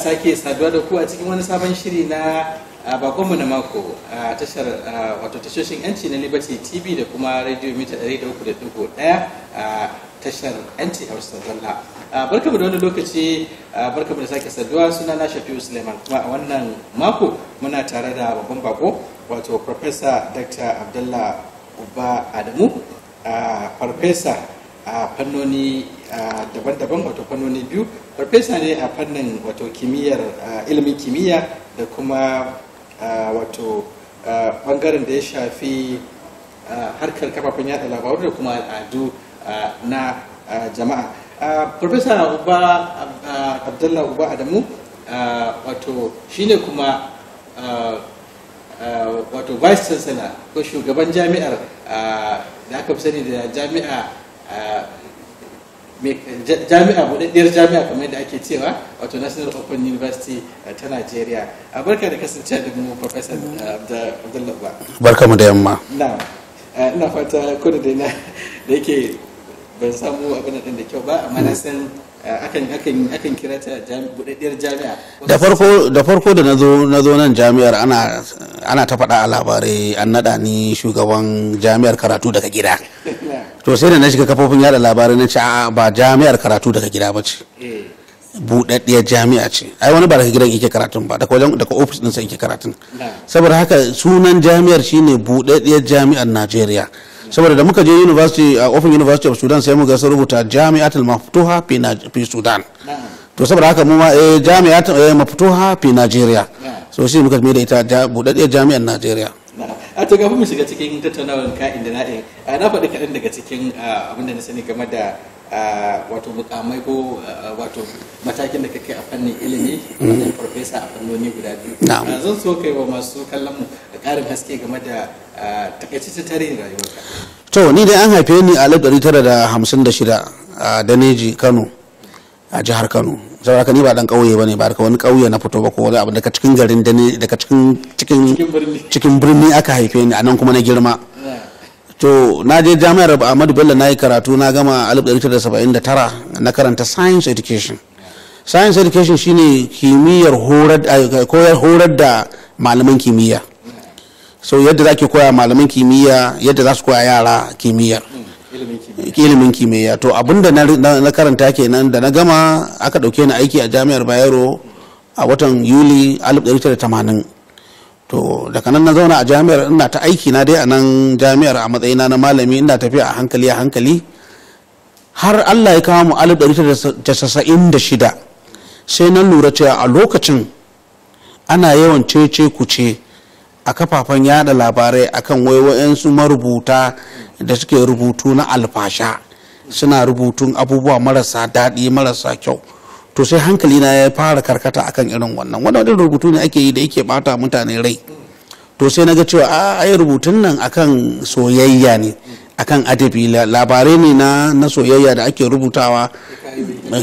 sake saduwa da ku a cikin wani sabon shiri na bakonmu na mako a tashar wato tashoshin yanci na liberty tv da kuma radio mita 300.1 a tashar yanci hausa zalla barkamu da wani lokaci barkamu da sake saduwa suna na shafi suleiman kuma a wannan mako muna tare da babban bako wato professor dr abdullah uba adamu farfesa a fannoni daban-daban wato fannoni biyu farfesa ne a fannin wato kimiyyar ilimin kimiyya da kuma wato bangaren da ya shafi harkar kafafen yada labaru da kuma al'adu na jama'a farfesa uba Abdullahi uba adamu wato shine kuma wato vice chancellor ko shugaban jami'ar da aka fi sani da jami'a jami'a budaddiyar jami'a kamar yadda ake cewa wato national open university eh, ta nigeria a barka da kasance da mu professor eh, abdullahi ba barka mu da yamma na eh, ina fata kudu da da yake ban samu abin da da kyau ba amma na san akan kira ta budaddiyar jami'a da farko da na zo nan jami'ar ana ta faɗa a labarai an naɗa ni shugaban jami'ar karatu daga gida to sai da na shiga kafofin yada labarai na ce a ba jami'ar karatu daga gida ba ce eh. buɗaɗɗiyar jami'a ce ai wani ba daga gidan yake karatun ba daga wajen daga ofis ɗinsa yake karatun saboda haka sunan jami'ar shine buɗaɗɗiyar jami'ar najeriya saboda da muka je university a open university of sudan sai muka rubuta jami'atul maftuha fi sudan to saboda haka mu ma eh, jami'atul eh, maftuha fi najeriya so shi muka mai da ita buɗaɗɗiyar jami'ar najeriya a to gaba mu shiga cikin tattaunawar ka'in da na'in na faɗi kaɗan daga cikin abin da na sani game da wato mukamai ko wato matakin da ka kai a fannin ilimi wani farfesa a fannoni guda biyu zan so kai wa masu kallon mu da ƙarin haske game da takaitaccen tarihin rayuwarka to ni dai an haife ni a tara da da hamsin shida a daneji kano a jihar kano saboda ka ni ba dan kauye bane ba daga wani kauye na fito ba ko wani abu daga cikin garin da ne daga cikin cikin cikin birni aka haife ni anan kuma na girma to na je jami'ar Ahmadu Bello na yi karatu na gama 1979 na karanta science education science education shine kimiyyar horar eh, koyar horar da malaman kimiyya so yadda za koya malaman kimiyya yadda za su koya yara kimiyyar ilimin kimiyya to abinda na karanta kenan da na gama aka dauke ni aiki a jami'ar bayero a watan yuli 1980 to daga nan na zauna a jami'ar ina ta aiki na dai a nan jami'ar a matsayina na malami ina tafiya a hankali a hankali har allah ya kawo mu 1996 sai na lura cewa a lokacin ana yawan cece kuce a kafafen yada labarai akan wayoyinsu marubuta da suke rubutu na alfasha suna rubutun abubuwa marasa daɗi marasa kyau to sai hankali na ya fara karkata akan irin wannan wannan wani rubutu ne ake yi da yake bata mutane rai to sai na ga cewa a ai rubutun nan akan soyayya ne akan adabi labarai ne na na soyayya da ake rubutawa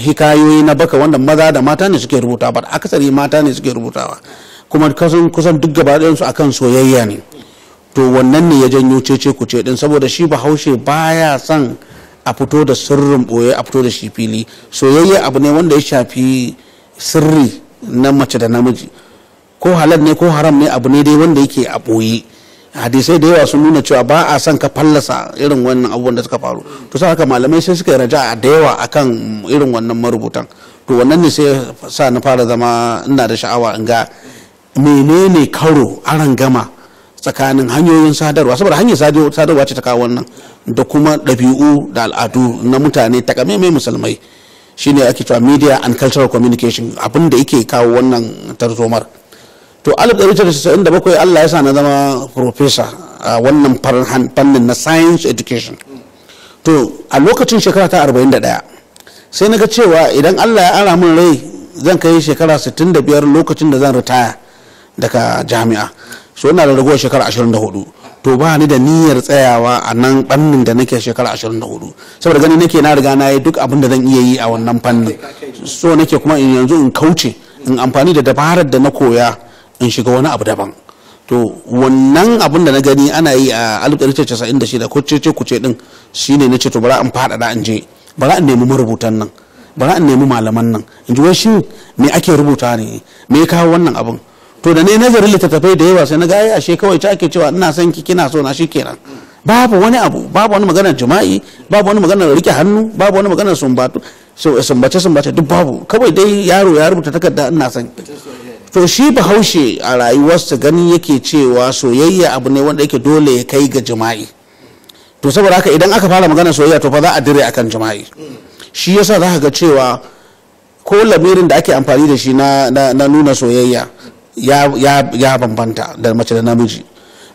hikayoyi na baka wanda maza da mata ne suke rubutawa ba akasari mata ne suke rubutawa kuma kasan kusan duk gaba su akan soyayya ne to wannan ne ya janyo cece ku ce din saboda shi bahaushe baya son a fito da sirrin boye a fito da shi fili soyayya abu ne wanda ya shafi sirri na mace da namiji ko halal ne ko haram ne abu ne dai wanda yake a boye hadisai da yawa sun nuna cewa ba a son ka fallasa irin wannan abubuwan da suka faru to sai haka malamai sai suka raja da yawa akan irin wannan marubutan to wannan ne sai sa na fara zama ina da sha'awa in ga menene karo aran gama tsakanin hanyoyin sadarwa saboda hanyar sadarwa ce ta kawo wannan da kuma ɗabi'u da al'adu na mutane takamaimai musulmai shine ake cewa media and cultural communication abin da yake kawo wannan tarzomar to 1997 Allah ya sa na zama profesa a wannan fannin na science education to a lokacin shekara ta 41 sai na ga cewa idan Allah ya ara min rai zan kai shekara 65 lokacin da zan ritaya daga jami'a so ina da ragowar shekara 24 to ba ni da niyyar tsayawa a nan fannin da nake shekara 24 saboda gani nake na riga na yi duk abin da zan iya yi a wannan fannin so nake kuma in yanzu in kauce in amfani da dabarar da na koya in shiga wani abu daban to wannan abin da na gani ana yi a 1996 ko cece kuce din shine na ce to bara in faɗaɗa in je bara in nemi marubutan nan bara in nemi malaman nan in ji wai shin me ake rubuta ne me ya kawo wannan abin to da ne nazarin littattafai da yawa sai na ga ashe kawai ta ake cewa ina son ki kina so na shikenan babu wani abu babu wani maganar jima'i babu wani maganar rike hannu babu wani maganar sumbace sumbace duk babu kawai dai yaro ya rubuta takarda ina son to shi bahaushe a rayuwarsa gani yake cewa soyayya abu ne wanda yake dole ya kai ga jima'i to saboda haka idan aka fara magana soyayya to fa za a dire akan jima'i shi yasa za ka ga cewa ko lamirin da ake amfani da shi na nuna soyayya ya bambanta da mace da namiji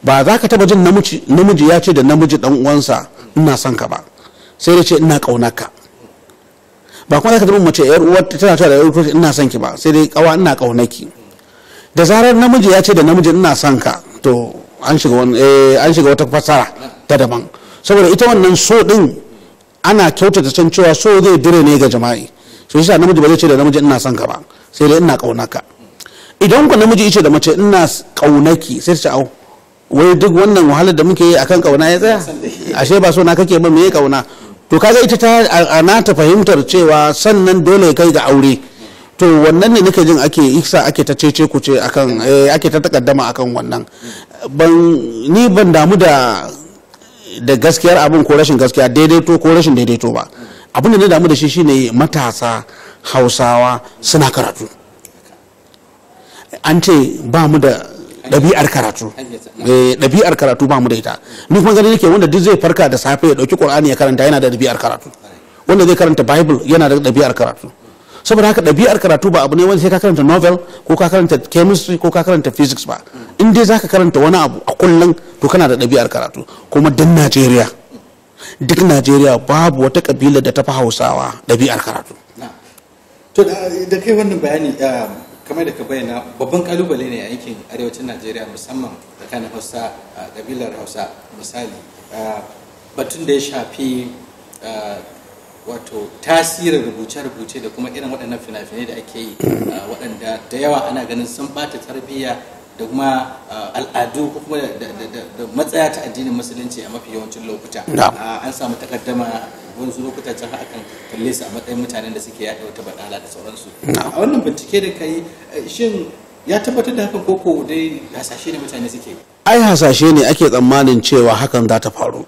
ba za ka taba jin namiji ya ce da namiji dan uwansa ina son ka ba sai dai ce ina kaunaka ba kuma za ka taba mace yar uwar tana cewa da yar uwar ina son ki ba sai dai kawa ina kaunaki da zarar namiji ya ce da namiji ina son ka to an shiga eh, an shiga wata fasara ta daban saboda ita wannan so din ana kyautata san cewa so zai dire ne ga jama'i so shi namiji ba zai ce da namiji ina son ka ba sai dai ina kaunaka idan ku namiji ice da mace ina kaunaki sai ta au wai duk wannan wahalar da muke yi akan kauna ya tsaya ashe ba so na kake ba meye kauna to kaga ita ta ana ta fahimtar cewa sannan dole kai ga aure to wannan ne nake jin ake isa ake ta cece ku ce akan eh, ake ta takaddama akan wannan ban ni ban damu da da gaskiyar abin ko rashin gaskiya daidaito ko rashin daidaito ba abin da na damu da shi shine matasa hausawa suna karatu an ce ba mu da ɗabi'ar karatu eh, ɗabi'ar karatu ba mu da ita ni kuma gani nake wanda duk zai farka da safe ya ɗauki ƙur'ani ya karanta yana da ɗabi'ar karatu wanda zai karanta bible yana da ɗabi'ar karatu saboda haka ɗabi'ar karatu ba abu ne wanda sai ka karanta novel ko ka karanta chemistry ko ka karanta physics ba in dai zaka karanta wani abu a kullum to kana da ɗabi'ar karatu kuma duk najeriya duk najeriya babu wata kabila da ta fi hausawa ɗabi'ar karatu to da kai wannan bayani um, kamar da ka bayyana babban kalubale ne a yankin arewacin najeriya musamman tsakanin hausa a kabilar hausa misali batun da ya shafi wato tasirin rubuce-rubuce da kuma irin waɗannan fina-finai da ake yi waɗanda da yawa ana ganin sun ɓata tarbiyya da kuma al'adu ko kuma da matsaya ta addinin musulunci a mafi yawancin lokuta an samu takaddama wanzu lokuta can akan kalle su a matsayin mutanen da suke yaɗa wata badala da sauransu a wannan bincike da kai eh, shin ya tabbatar da hakan koko dai hasashe ne mutane suke ai hasashe ne ake tsammanin cewa hakan za ta faru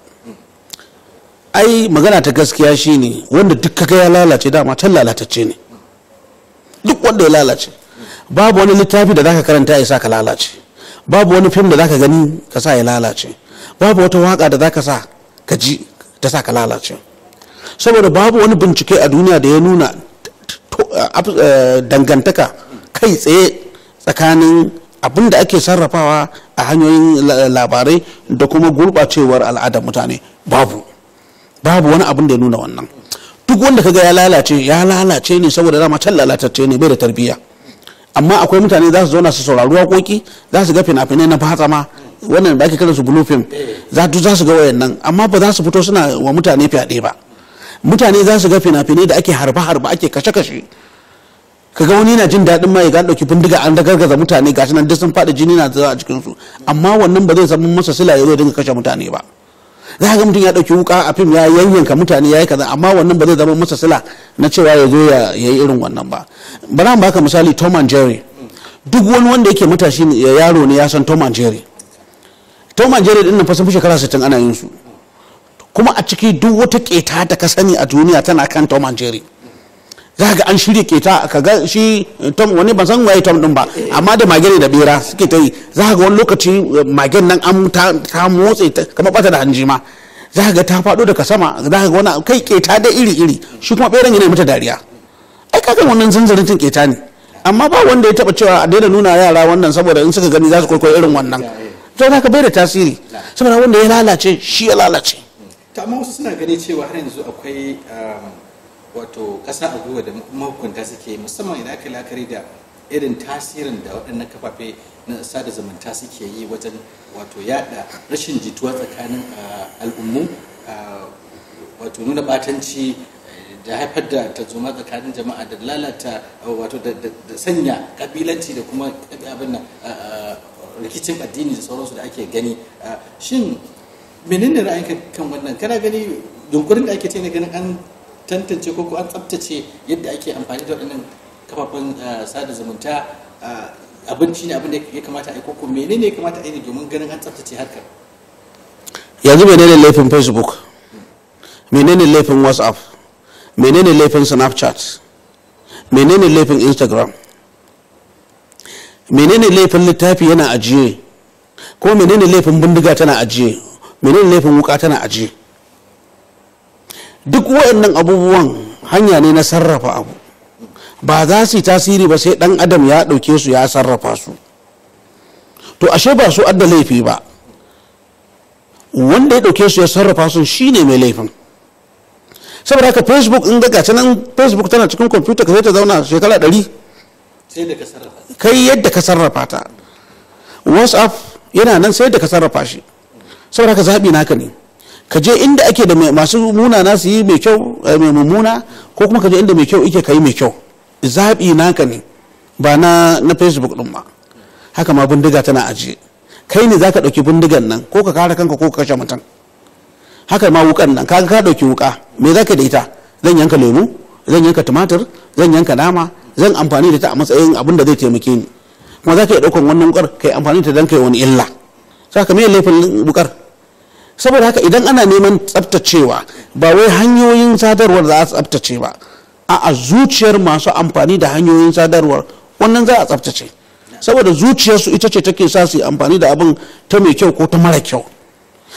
ai magana ta gaskiya shine wanda duk kaga ya lalace dama ta lalatacce ne duk wanda ya lalace babu wani littafi da zaka karanta ya sa ka lalace babu wani fim da zaka gani ka sa ya lalace babu wata waka da zaka sa ka ji ta sa ka lalace saboda babu wani bincike a duniya da ya nuna eh, eh, dangantaka kai tsaye tsakanin abin da ake sarrafawa a hanyoyin labarai da kuma gurɓacewar al'adar mutane babu babu wani abin da ya nuna wannan duk wanda kaga ya lalace ya lalace ne saboda dama can lalatacce ne bai da tarbiyya amma akwai mutane za su zauna su saurari waƙoƙi za su ga fina-finai na fatsama ma wannan da ake kiransu blue film za su ga wayannan amma ba za su fito suna wa mutane fyaɗe ba mutane za su ga fina-finai da ake harba-harba ake kashe-kashe kaga wani yana jin daɗin ma ya ɗauki bindiga an gargaza mutane gashi nan duk sun faɗi jini na zuwa a su amma wannan ba zai zama masa sila ya zo dinga kashe mutane ba za ga mutum ya ɗauki wuka a fim ya yanyanka mutane ya yi kaza amma wannan ba zai zama masa sila na cewa ya zo ya yi irin wannan ba Bana mu baka misali Tom and Jerry duk wani wanda yake matashi yaro ne ya san Tom and Jerry Tom and Jerry din nan fa sun fi shekara 60 ana yin su kuma a ciki duk wata keta da ka sani a duniya tana kan tom and jerry za ga an shirya keta ka ga shi tom wani ban san waye tom din ba amma da mage ne da bera suke ta yi za ga wani lokaci eh, magen nan an ta motsa kamar bata da hanji ma za ga ta faɗo daga sama za ga wani kai keta da iri iri shi kuma beran yana mata dariya ai ka ga wannan zanzarin tun keta ne amma ba wanda ya taba cewa a daina nuna yara wannan saboda in suka gani za su kwaikwayo irin wannan to ka bai da tasiri saboda wanda ya lalace shi ya lalace ta wasu suna gani cewa har yanzu akwai um, wato ƙasa a gwiwa da mahukunta suke musamman idan aka lakari da irin tasirin da waɗannan kafafe na sada zumunta suke yi wajen wato yada rashin jituwa tsakanin uh, al'ummu uh, wato nuna batanci da haifar da tarzoma tsakanin jama'a da lalata uh, wato da sanya kabilanci da kuma abin rikicin addini da sauransu da ake gani shin menene ra'ayinka kan wannan kana gani yunkurin da ake ce na ganin an tantance ko ko an tsabtace yadda ake amfani da waɗannan kafafen eh, sada zumunta eh, abinci ne abin da ya kamata a yi koko menene ya kamata a yi domin ganin an tsabtace harkar yanzu menene laifin facebook menene laifin whatsapp menene laifin snapchat menene laifin instagram menene laifin littafi yana ajiye ko menene laifin bindiga tana ajiye menene laifin wuka tana ajiye duk waɗannan abubuwan hanya ne na sarrafa abu ba za su yi tasiri ba sai ɗan adam ya ɗauke su ya sarrafa su to ashe ba su adda laifi ba wanda ya ɗauke su ya sarrafa su shine mai laifin saboda haka facebook in daga nan facebook tana cikin kwamfuta ka sai ta zauna shekara ɗari kai yadda ka sarrafa ta whatsapp yana nan sai da ka sarrafa shi saboda ka zaɓi naka ne ka je inda ake da masu muna na su yi mai kyau eh, mai mummuna ko kuma ka je inda mai kyau ike ka yi mai kyau zaɓi naka ne ba na na facebook ɗin ma, haka ma bindiga tana ajiye kai ne zaka ɗauki bindigan nan ko ka kare kanka ko ka kashe mutum haka ma wukan nan kaga ka ɗauki wuka me zaka da ita zan yanka lemu zan yanka tumatir zan yanka nama zan amfani da ta a matsayin abin da zai taimake ni kuma zaka iya ɗaukan wannan wukar kai amfani da ta dan kai wani illa saka me laifin wukar saboda haka idan ana neman tsabtacewa ba wai hanyoyin sadarwar za a tsabtace ba a zuciyar masu amfani da hanyoyin sadarwar wannan za a tsabtace saboda zuciyarsu ita ce take sa su amfani da abin ta mai kyau ko ta mara kyau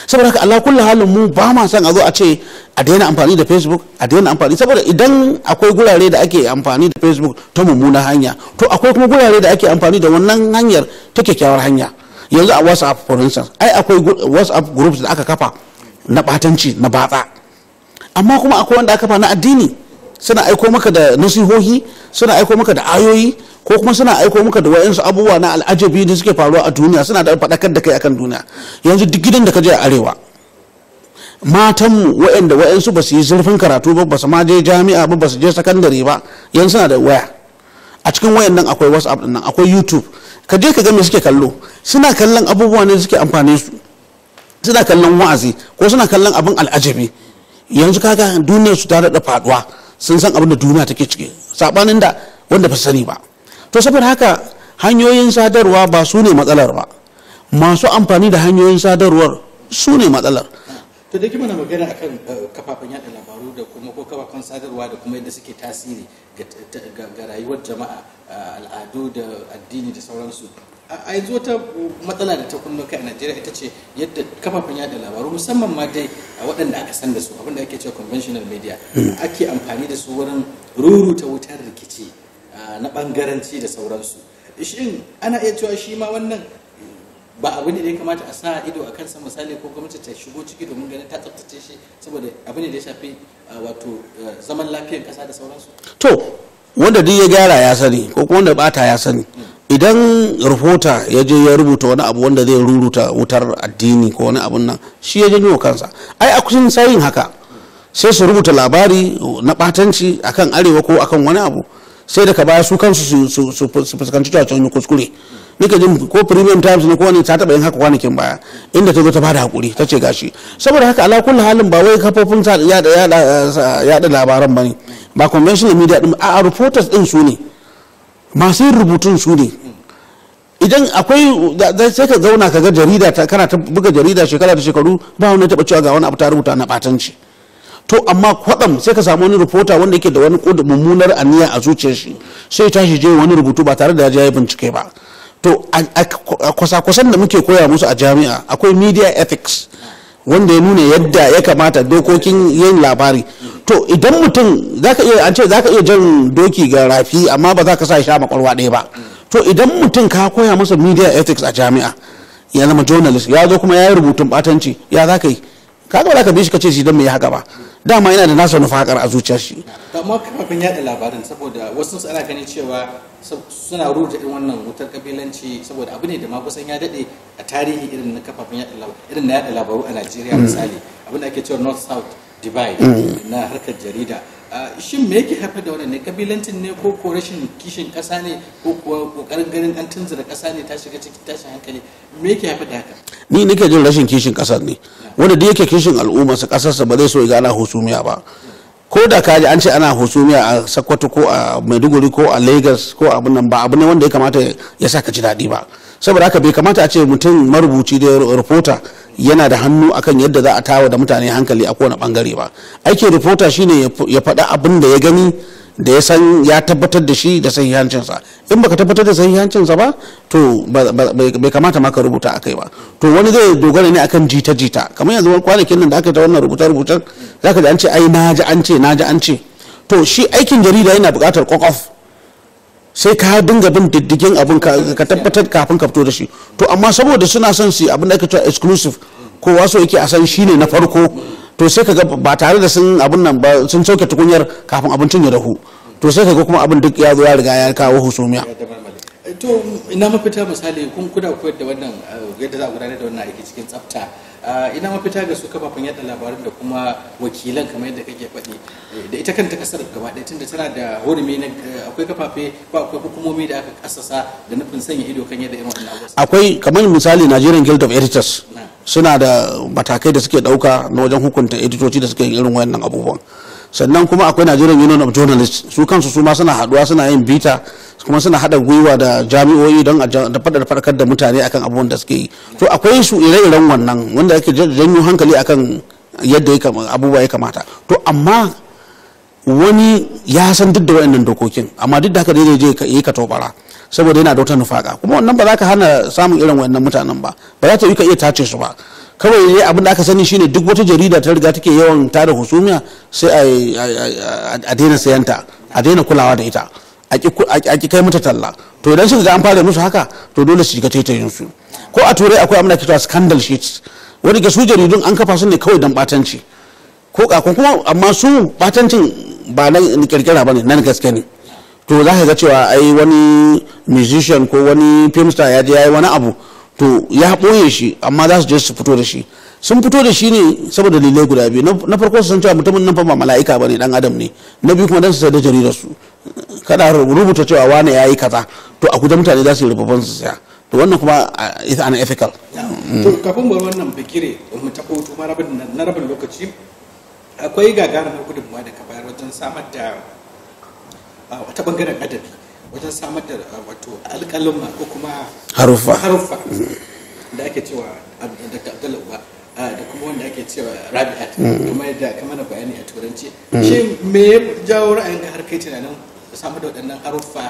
saboda haka Allah kullu halin mu ba ma son a zo a ce a daina amfani da Facebook a daina amfani saboda idan akwai gurare da ake amfani da Facebook ta mummuna hanya to akwai kuma gurare da ake amfani da wannan hanyar ta kyakkyawar hanya yanzu a whatsapp for instance ai akwai whatsapp groups da aka kafa na batanci na batsa amma kuma akwai wanda aka kafa na addini suna aiko maka da nasihohi suna aiko maka da ayoyi ko kuma suna aiko maka da wayansu abubuwa na al'ajabi da suke faruwa a duniya suna da faɗakar da kai akan duniya yanzu duk gidan da ka je a arewa matanmu wayanda wayansu ba su yi zurfin karatu ba ba su ma je jami'a ba ba su je sakandare ba yanzu suna da waya a cikin wayan nan akwai whatsapp nan akwai youtube ka je ka ga me suke kallo suna kallon abubuwa ne suke amfani su suna kallon wa'azi ko suna kallon abin al'ajabi yanzu kaga duniyar su ta daɗa faduwa sun san abin da duniya take ciki sabanin da wanda ba su sani ba to saboda haka hanyoyin sadarwa ba su ne matsalar ba masu amfani da hanyoyin sadarwar su ne matsalar to da kima na magana akan eh, kafafen yada labaru da kuma ko kafafen sadarwa da kuma yadda suke tasiri ga rayuwar jama'a al'adu da addini da sauransu a yanzu wata matsala da ta kunno kai a najeriya ita ce yadda kafafen yada labaru musamman ma dai a waɗanda aka san da su abinda ake cewa conventional media ake amfani da su wurin ruruta wutar rikici na ɓangaranci da sauransu shin ana iya cewa shi ma wannan ba abu ne da ya kamata a sa ido a kansa misali ko gwamnati ta shigo ciki domin ganin ta tsabtace shi saboda abu ne da ya shafi wato zaman lafiyar kasa da sauransu to wanda duk ya gyara ya sani ko kuma wanda bata ya sani idan rahota ya je ya rubuta wani abu wanda zai ruruta wutar addini ko wani abun nan shi ya janyo kansa ai a kusin sayin haka sai su rubuta labari na batanci akan arewa ko akan wani abu sai daga baya su kansu su fuskanci cewa kuskure nika jin ko premium times ne ko wani ta taba yin haka kwanakin baya inda ta zo ta bada hakuri ta ce gashi saboda haka ala kullu halin ba wai kafofin yada yada labaran bane ba conventional media din a reporters din su ne masu yin rubutun su ne idan akwai sai ka zauna ka ga jarida kana ta buga jarida shekara da shekaru ba wani taba cewa ga wani abu ta rubuta na batanci to amma kwaɗam sai ka samu wani ripota wanda yake da wani mummunar aniya a zuciyar shi sai tashi je wani rubutu ba tare da ya yi bincike ba to a kwasa-kwasan da muke koya musu a jami'a akwai media ethics wanda ya nuna yadda ya kamata dokokin yin labari to idan mutum zaka iya iya jan doki ga rafi amma ba za ka sa sha makwarwa ɗaya ba to idan mutum ka koya masa media ethics a jami'a ya zama journalist ya zo kuma ya yi rubutun batanci ya za ka yi ka ba za ka bi shi ka ce shi don me ya haka ba dama yana da nasa nufakar a zuciyar shi amma kafafin yada labarin saboda wasu ana ganin cewa suna rurta irin wannan wutar kabilanci saboda abu ne da ma kusan ya dade a tarihi irin na kafafen yaɗa labaru irin na yaɗa labaru a Najeriya mm. misali abin da ake cewa North South divide mm. na harkar jarida shin me yake haifar da wannan ne kabilancin ne ko ko rashin kishin kasa ne ko kuwa kokarin ganin an tunzura kasa ne ta shiga cikin tashin hankali me yake haifar da haka ni nake jin rashin kishin kasa ne wanda da yake kishin al'umma sa kasarsa ba zai so ya gana husumiya ba ko da kaji an ce ana husumiya a sakkwato ko a maiduguri ko a lagos ko abin nan ba abu ne wanda ya kamata ya sa ka ji daɗi ba saboda haka bai kamata a ce mutum marubuci da reporter yana da hannu akan yadda za a tawa da mutane hankali a kowane bangare ba aikin reporter shine ya faɗa abin da ya gani da ya san ya tabbatar da shi da sahihancinsa in baka tabbatar da sahihancinsa ba to bai kamata ma ka rubuta akai ba to wani zai dogara ne akan jita jita kamar yanzu kwanakin nan da aka ta wannan rubuta rubutan zaka ji an ce ai na ji an ce na ji an ce to shi aikin jarida yana buƙatar kwakwaf sai ka dinga bin diddigin abin ka tabbatar kafin ka fito da shi to amma saboda suna son su abin da aka cewa exclusive kowa so yake a san shine na farko to sai ga ba tare da sun abun nan ba sun sauke tukunyar kafin abincin ya dahu to sai ga kuma abin duk ya zo ya riga ya kawo husumiya to ina mafita misali kun kuda koyar da wannan eh, yadda za a gudanar da wannan aiki cikin tsafta ina mafita ga su kafafen yadda labarin da kuma wakilan kamar yadda kake faɗi eh, da ita kanta kasar gaba ɗaya tunda tana da hurumi na eh, akwai kafafe ba akwai hukumomi da aka kasasa da nufin sanya ido kan yadda irin wannan akwai kamar misali Nigerian Guild of Editors suna da matakai da suke ɗauka na wajen hukunta editoci da suke yin irin wayannan abubuwan sannan kuma akwai Nigerian Union of Journalists su kansu su ma suna haɗuwa suna yin bita kuma suna haɗa gwiwa da jami'o'i don a faɗa farkar da mutane akan abubuwan da suke yi to akwai su ire-iren wannan wanda yake janyo hankali akan yadda abubuwa ya kamata to amma wani ya san duk da waɗannan dokokin amma duk da haka dai je yi ka tobara saboda yana da wata nufaka kuma wannan ba za ka hana samun irin waɗannan mutanen ba ba za ta yi ka iya tace su ba kawai dai abin da aka sani shine duk wata jarida ta riga take yawan tada husumiya sai a daina sayanta a daina kulawa da ita a ki kai mata talla to idan suka ga an fara musu haka to dole su shiga taitayin su ko a turai akwai amina kitwa scandal sheets wani ga su jaridun an kafa su ne kawai dan batanci ko kakon kuma amma su batancin ba na kirkira ba ne nan gaske ne to za ka ga cewa ai wani musician ko wani star ya je ya yi wani abu to ya ɓoye shi amma za su je su fito da shi sun fito da shi ne saboda dalilai guda biyu na farko sun cewa mutumin nan fa ba mala'ika bane dan adam ne na biyu kuma dan su sai da jarirar su kada rubuta cewa wani yayi kaza to a kuda mutane za su yi rububin su saya to wannan kuma is an ethical mm. to kafin mu wannan bikire mu ta kotu marabin nan na rabin lokaci akwai gagarumin gudunmuwa da ka bayar wajen samar da wata bangaren adabi wajen samar da wato alƙalin ko kuma haruffa haruffa da ake cewa da abdullahi da kuma wanda ake cewa rabi'at mm. kuma da kama na bayani a turanci shi me ya jawo ra'ayinka har kai tunanin samu da waɗannan haruffa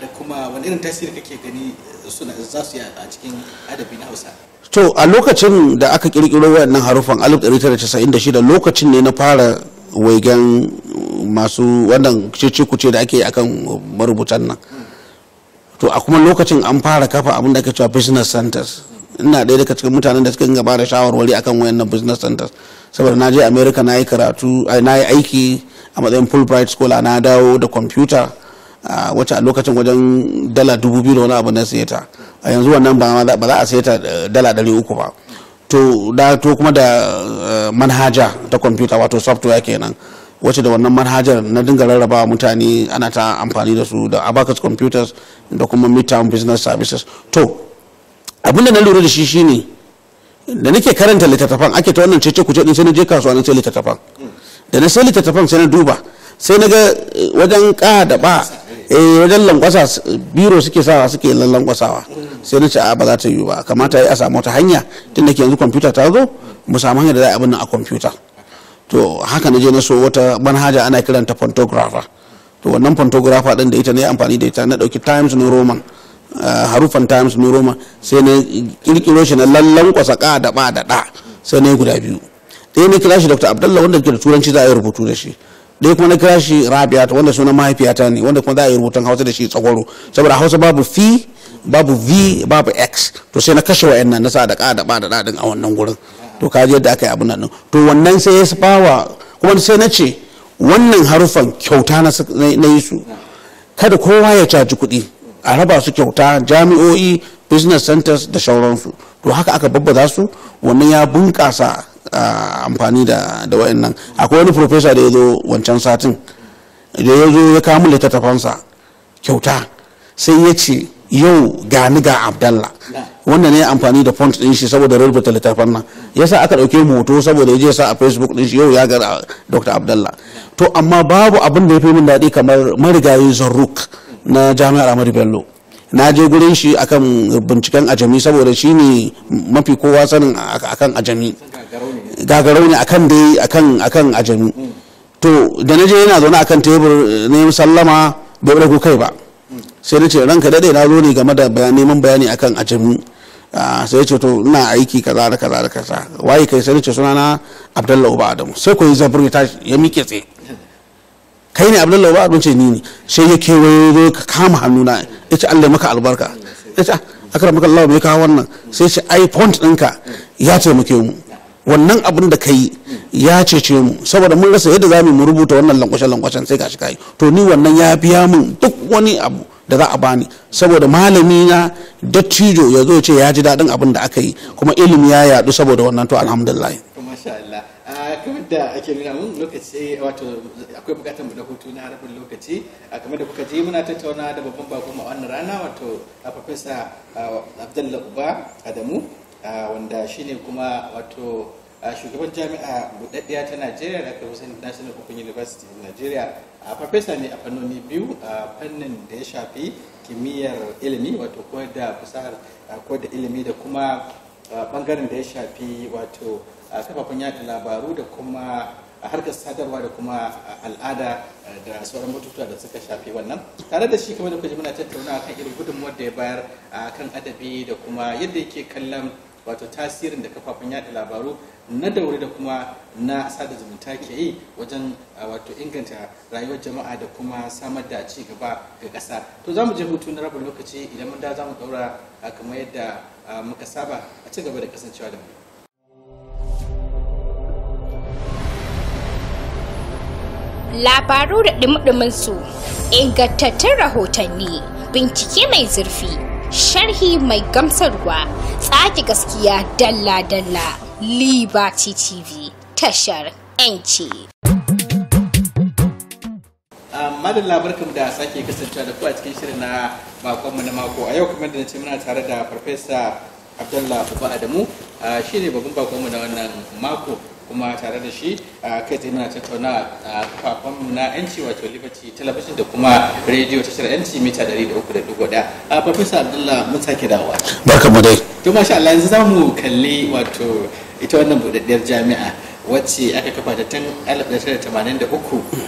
da kuma wani irin tasiri kake gani suna za su yi a cikin adabi na hausa to a lokacin da aka kirkiro wayannan haruffan alif ɗari tara casa'in da shida lokacin ne na fara waigen masu wannan cece da ake akan marubutan nan mm. to a kuma lokacin an fara kafa abin da ake cewa business centers ina ɗaya daga cikin mutanen da suka gaba da shawarwari akan wayannan business centers saboda na je america na yi karatu na yi aiki a matsayin full bright a na dawo da computer wacce a lokacin wajen dala dubu biyu da wani abu na sayata a yanzu wannan ba za a sayata eh, dala ɗari uku ba to da to kuma da eh, manhaja ta computer wato software kenan wacce da wannan manhajar na dinga rarraba mutane ana ta amfani da su da abacus computers da kuma midtown business services to abinda na lura da shi shine da nake karanta littattafan ake ta wannan cece kuce din sai na je kasuwa na sai littattafan da na sai littattafan sai na duba sai na ga eh, wajen ka da ba eh wajen lankwasa biro suke sawa suke lankwasawa sai na ce a ba za ta yi ba kamata a samu wata hanya tun da ke yanzu kwamfuta ta zo mu samu hanyar da za a abin nan a kwamfuta to haka na je na so wata manhaja ana kiranta pantographer to wannan pantographer din da ita ne amfani da ita na dauki times new roman Ah, harufan times new roman sai na kirkiro shi na lallan kwasa ka da ba da da sai na yi guda biyu ɗaya na kira shi dr abdullah wanda ke da turanci za a yi rubutu da shi ɗaya kuma na kira shi rabiat wanda suna mahaifiyata ne wanda kuma za a yi rubutun hausa da shi tsakwaro saboda hausa babu fi babu v babu x to sai na kashe nan na sa da ka da ba da din a wannan gurin to ka yadda aka yi abin nan to wannan sai ya fawa kuma sai na ce wannan harufan kyauta na yi su kada kowa ya caji kuɗi a raba su kyauta jami'o'i business centers da shauransu to haka aka babbaza su wannan ya bunkasa amfani da da wayannan akwai wani professor da ya zo wancan satin da ya zo ya kama littattafansa kyauta sai ya ce yau gani ga abdallah wanda ne amfani da font din shi saboda rubuta littafin nan yasa aka dauke moto saboda ya je sa a facebook din shi yau ya ga dr abdallah to amma babu abin da ya fi min daɗi kamar marigayi zarruk na jami'ar amadu bello na je gurin shi akan binciken ajami saboda shi ne mafi kowa sanin akan ajami gagarau ne akan dai akan akan ajami to da na je yana zaune akan tebur ne sallama bai ɗago kai ba sai na ce ranka dade na zo ne game da neman bayani akan ajami sai ya ce to ina aiki kaza da kaza da kaza waye kai sai na ce sunana abdullahi uba adamu sai ko yi zabur ya miƙe tsaye kai ne abdullahi ba abin ce ni ne sai ya kewaye zo ka kama hannuna ya ce allai maka albarka ya ce ah, akara maka allah mai kawo wannan sai ce ai font ɗinka ya muke mu wannan abin da ka yi ya ce mu saboda mun rasa yadda za mu rubuta wannan lankwashen lankwashen sai gashi kai to ni wannan ya biya mun duk wani abu da za a bani saboda malami na dattijo ya zo ce ya ji daɗin abin da aka yi kuma ilimi ya yaɗu saboda wannan to alhamdulillah da ake nuna mun lokaci wato akwai bukatar mu da hutu na harafin lokaci a game da kuka je muna tattauna da babban bako a wannan rana wato a farfesa abdalla uba adamu wanda shine kuma wato shugaban jami'a budaddiya ta najeriya da aka sani national open university of nigeria a farfesa ne a fannoni biyu a fannin da ya shafi kimiyyar ilimi wato koyar da fasahar koyar da ilimi da kuma bangaren da ya shafi wato a kafafen yada labaru da kuma a harkar sadarwa da kuma al'ada da sauran batutuwa da suka shafi wannan tare da shi kamar da kuji muna tattauna kan irin gudunmuwar da ya bayar a kan adabi da kuma yadda yake kallon wato tasirin da kafafen yada labaru na daure da kuma na sada zumunta ke yi wajen wato inganta rayuwar jama'a da kuma samar da ci gaba ga ƙasa to za mu je hutu na rabin lokaci idan mun da za mu daura kamar yadda muka saba a ci gaba da kasancewa da mu labaru da su ingantattun rahotanni bincike mai zurfi sharhi mai gamsarwa tsaki gaskiya dalla-dalla liberty tv tashar 'yanci madalla labarkan da sake kasancewa da ku a cikin shirin na bakonmu na mako a yau kuma da na ce muna tare da farfesa abdullah uba adamu shi ne babban bakonmu na wannan mako kuma tare da shi kai tsaye muna tattauna a kafafen na yanci wato liberty television da kuma radio tashar yanci mita da dubu a professor abdullah mun sake dawowa barka mu dai to masha Allah yanzu za mu kalli wato ita wannan budaddiyar jami'a wacce aka kafa ta tun 1983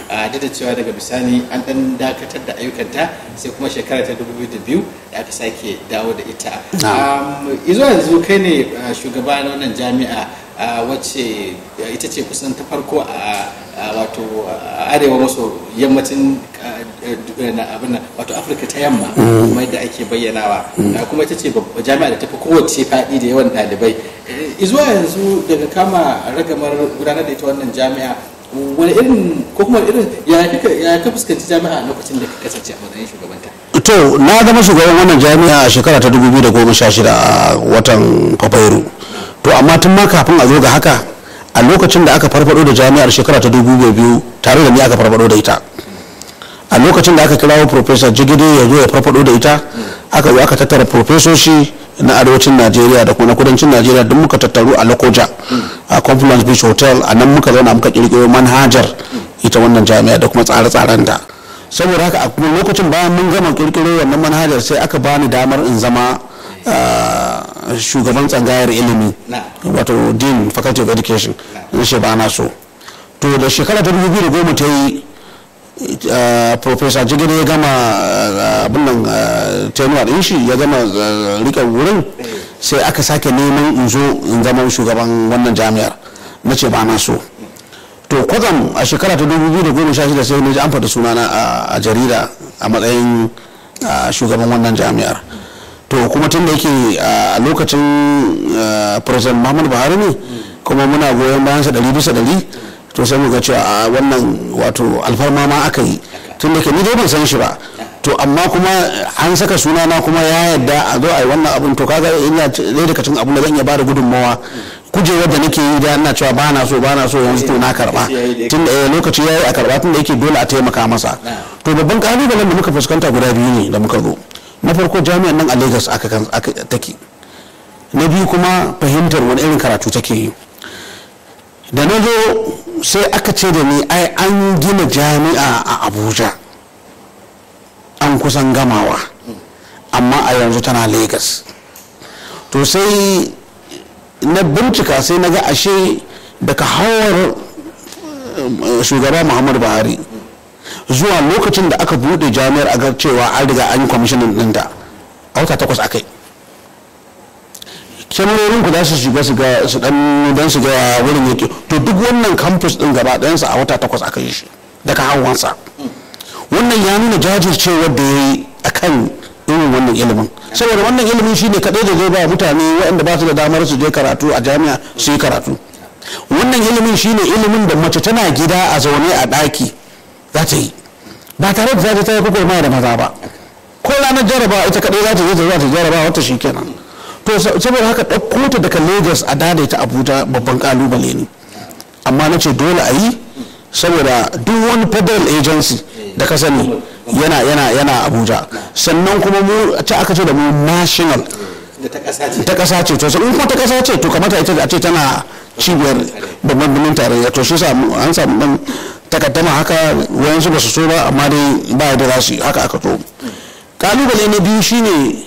a da cewa daga bisani an dan dakatar da ayyukanta sai kuma shekara ta 2002 da aka sake dawo da ita izo yanzu kai ne shugaba na wannan jami'a wacce eh, ita ce kusan ta farko a wato arewa maso yammacin eh, wato afirka ta yamma mm. kuma yadda ake bayyanawa mm. kuma ita ce jami'a da tafi kowace faɗi da yawan ɗalibai eh, izuwa yanzu daga kama ragamar gudanar da ita wannan jami'a wani irin ko kuma irin ya ka fuskanci jami'a lokacin da ka kasance a matsayin shugabanta to na zama shugaban wannan jami'a a shekara ta 2016 a watan fafairu to amma tun ma kafin a zo ga haka a lokacin da aka farfado da jami'ar shekara ta 2002 tare da ni aka farfado da ita a lokacin da aka kirawo professor jigide ya zo ya farfado da ita aka zo aka tattara profesoshi na arewacin najeriya da kuma kudancin najeriya duk muka tattaru a lokoja a confluence beach hotel a nan muka zauna muka kirkiro manhajar ita wannan jami'a da kuma tsare-tsaren da saboda haka a kuma lokacin bayan mun gama kirkiro wannan manhajar sai aka bani damar in zama ah, shugaban tsangayar ilimi wato dean faculty of education na shi ba na so to da shekara ta dubu da goma ta yi ah, professor jigida ya gama ah, abin nan tenuwa din shi ya gama rike wurin sai aka sake neman in zo in zama shugaban wannan jami'ar na ce ba na so to kwatsam a shekara ta 2016 sai na ji an faɗi sunana a jarida a matsayin shugaban wannan jami'ar to kuma tun da yake a lokacin president muhammadu buhari ne kuma muna goyon bayan sa ɗari bisa ɗari to sai mu ga cewa a wannan wato alfarma ma aka yi tun da ke ni dai ban san shi ba to amma kuma an saka sunana kuma ya yadda a zo a yi wannan abin to kaga ina ɗaya daga cikin abin da zan iya bada gudunmawa kuje da nake yi da ina cewa ba so ba so yanzu to na karba tun da lokaci yayi a karba tun da yake dole a taimaka masa to babban kalubalen da muka fuskanta guda biyu ne da muka zo na farko jami'an nan a Lagos aka take na biyu kuma fahimtar wani irin karatu take yi da na zo sai aka ce da ni ai an gina jami'a a Abuja an kusan gamawa amma a yanzu tana Lagos to sai na bincika sai na ga ashe daga hawar eh, shugaba muhammadu buhari zuwa lokacin da aka bude jami'ar a cewa an riga an yi kwamishinan ɗinta a wata takwas kai. kyamarorin ku za su shiga su ga su dan don su ga wurin yake to duk wannan campus din gaba ɗayansa a wata takwas aka yi shi daga hawansa wannan ya nuna jajircewar da ya yi a kan irin wannan ilimin saboda wannan shi shine kaɗai da zai ba mutane waɗanda ba su da damar su je karatu a jami'a su yi karatu wannan ilimin shine ilimin da mace tana gida a zaune a ɗaki za ta yi ba tare da zata ta yi kukurma da maza ba ko ranar jaraba ita kaɗai za ta je ta za ta jaraba wata shi kenan to saboda haka ɗauko ta daga lagos a daidaita abuja babban kalubale ne amma na ce dole a yi saboda duk wani federal agency da ka sani yana yana yana abuja sannan kuma mu ta aka ce da mu national ta kasa ce to sai kuma ta kasa ce to kamata ita a ce tana cibiyar babban birnin tarayya to shi sa an samu dan takaddama haka su ba su so ba amma dai ba da za su haka aka to kalubale na biyu shine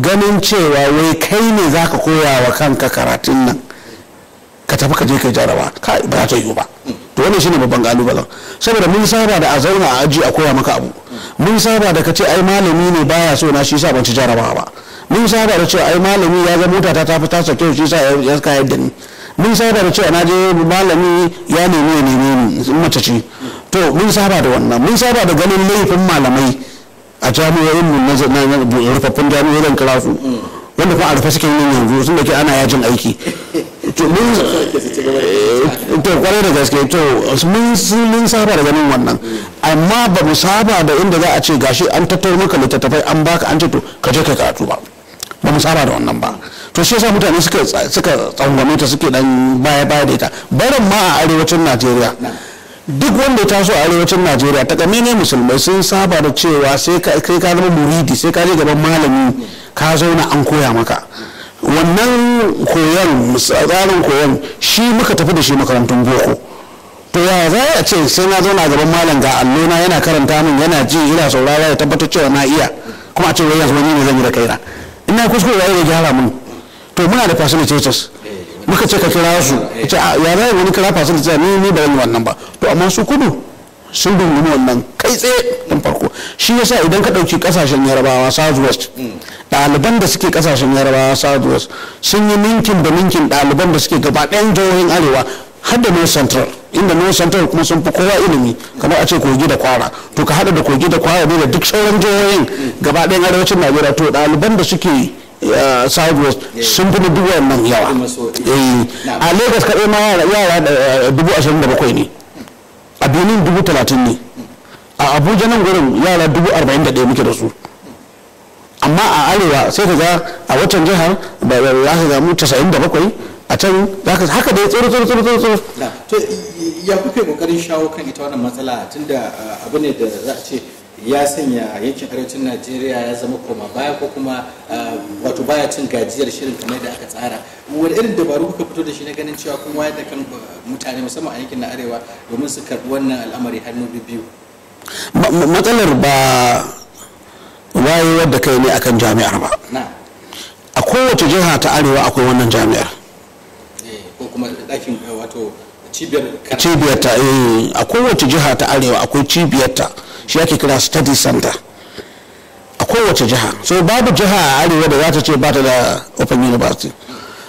ganin cewa wai kai ne za ka koya wa kanka karatun nan ka tafi ka je ka jaraba ba ta yiwu ba to wannan shine babban kalubalen saboda mun saba da a zauna a aji a koya maka abu mun saba da kace ai malami ne baya so na shi yasa ban ci jarabawa ba mun saba da cewa ai malami ya ga mota ta fi tasa kyau shi yasa ya ka yadda ni mun saba da cewa na je malami ya nemi ya nemi ni mace ce to mun saba da wannan mun saba da ganin laifin malamai a jami'o'in mu na rufaffun jami'o'in karafu wanda kuma a rufe suke yin yanzu sun da ke ana yajin aiki Eh, to kwarai da gaske to mun saba da ganin wannan amma ba mu saba da inda za a ce gashi an tattauna ka littattafai an baka an ce to ka je kai karatu ba ba mu saba da wannan ba to shi yasa mutane suka suka tsangwame ta suke dan baya baya da ita barin ma a arewacin Najeriya duk wanda ya taso a arewacin Najeriya ta kame ne musulmai sun saba da cewa sai ka zama muridi sai ka je gaban malami ka zauna an koya maka wannan koyon tsarin koyon shi muka tafi da shi makarantun boko to ya za a ce sai na zauna gaban malam ga allona yana karanta min yana ji ina saurara ya tabbatar cewa na iya kuma a ce wai yanzu wani ne zan yi da kaina ina kuskure ya yi gyara mun to muna da facilitators muka ce ka kira su ya za wani kira facilitators ni ni ba zan wannan ba to amma su kudu sun rungumi wannan kai tsaye ɗin farko shi yasa idan ka ɗauki ƙasashen yarabawa south west ɗaliban da suke ƙasashen yarabawa south west sun yi ninkin da ninkin ɗaliban da suke gaba ɗayan jihohin arewa har da north central inda north central kuma sun fi kowa ilimi kamar a ce kogi da kwara to ka haɗa da kogi da kwara ne da duk sauran jihohin gaba ɗayan arewacin najeriya to ɗaliban da suke south west sun fi duk wannan yawa eh, a lagos kaɗai ma yara dubu ashirin da bakwai ne a benin dubu talatin ne a abuja nan gurin yara dubu arba'in da ɗaya muke da su amma a arewa sai ka ga a waccan jihar ba za ka mu casa'in da bakwai a can za ka haka da ya tsoro tsoro tsoro tsoro to ya kuke kokarin shawo kan ita wannan matsala tunda ah, abu ne da za a ce ya sanya yankin arewacin najeriya ya zama koma baya ko kuma ah, wato baya cin gajiyar shirin kamar da aka tsara wani irin dabaru kuka fito da shi na ganin cewa kun wayar da kan ah, mutane musamman a yankin na arewa domin su karbi wannan al'amari hannu biyu matsalar ba wayewar da kai ne akan jami'ar ba a kowace jiha ta arewa akwai wannan jami'ar eh, ko kuma ɗakin wato cibiyar ta eh, a kowace jiha ta arewa akwai cibiyar ta shi ake kira study center a kowace jiha so babu jiha a arewa da za ta ce ba ta da open university